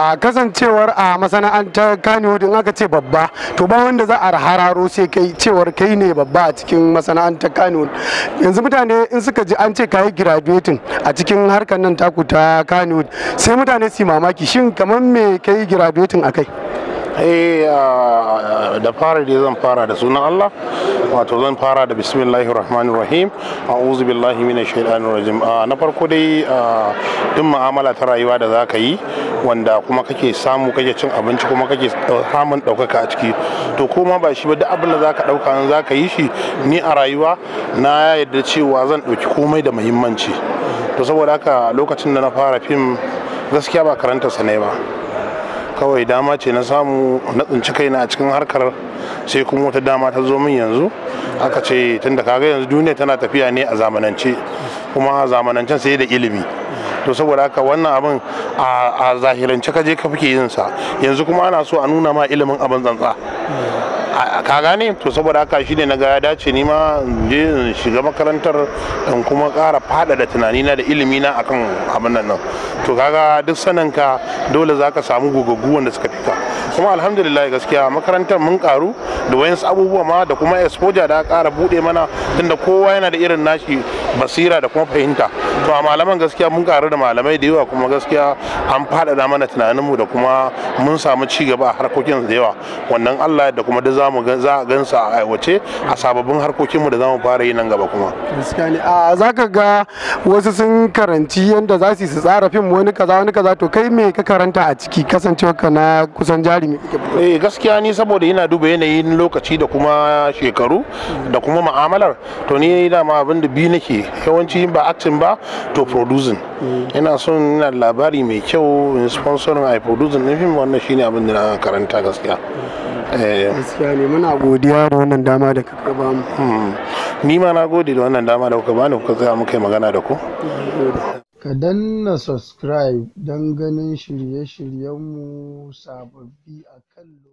a kasancewar a masana'antar kanewood in aka ce babba to ba wanda za a hararo sai kai cewar kai ne babba a cikin masana'antar kanewood yanzu mutane in suka ji an ce ka kayi graduating a cikin harkar nan taku ta kanewood sai mutane su mamaki shin kamar me kai graduating a kai eh da fara dai zan fara da sunan Allah wato zan fara da bismillahir rahmanir rahim a'udhu billahi minash shaitanir rajim na farko dai duk mu'amala ta rayuwa da zaka yi wanda kuma kake samu kake cin abinci kuma kake eh, samun ɗaukaka a ciki to kuma ba shi ba duk abin da za ka ɗauka za ka yi shi ni a rayuwa na yarda cewa zan ɗauki komai da muhimmanci to saboda haka lokacin da na fara fim gaskiya ba karanta sa ne ba kawai dama ce na samu na tsinci kaina a cikin harkar sai kuma wata dama ta zo min yanzu aka ce tunda kaga yanzu duniya tana tafiya ne a zamanance kuma zamanancen sai da ilimi to saboda haka wannan abin a zahirance ka je ka fike yin sa yanzu kuma ana so a nuna ma ilimin abin tsantsa ka gane to saboda haka shine na ga ya dace ni ma je in shiga makarantar in kuma ƙara tunani na da ilimi na akan abin nan to kaga duk ka dole zaka samu gogaggu wanda suka fika kuma alhamdulillah gaskiya makarantar mun karu da wayansu abubuwa ma da kuma exposure da ƙara buɗe mana tunda kowa yana da irin nashi basira da kuma fahimta to a malaman gaskiya mun karu da malamai da yawa kuma gaskiya an faɗaɗa mana tunaninmu da kuma mun samu ci gaba a harkokin da yawa wannan Allah da kuma da zamu za a gansa a aiwace a sababbin harkokinmu da zamu fara yi nan gaba kuma gaskiya ne a zaka ga wasu sun karanci yanda za su tsara fim wani kaza wani kaza to kai me ka karanta a ciki kasancewa na kusan jarumi eh gaskiya ni saboda ina duba yanayin lokaci da kuma shekaru da kuma ma'amalar to ni ma abin da biyu nake yawanci ba acting ba to producing ina son ina labari mai kyau in sponsorin a producing din film wannan shine abin da na karanta gaskiya eh. gaskiya ne muna godiya da wannan dama da kuka ba mu hmm. ni ma na gode da wannan dama da kuka bani kuka tsaya muka yi magana da ku ka danna subscribe don ganin shirye-shiryenmu sababbi a kan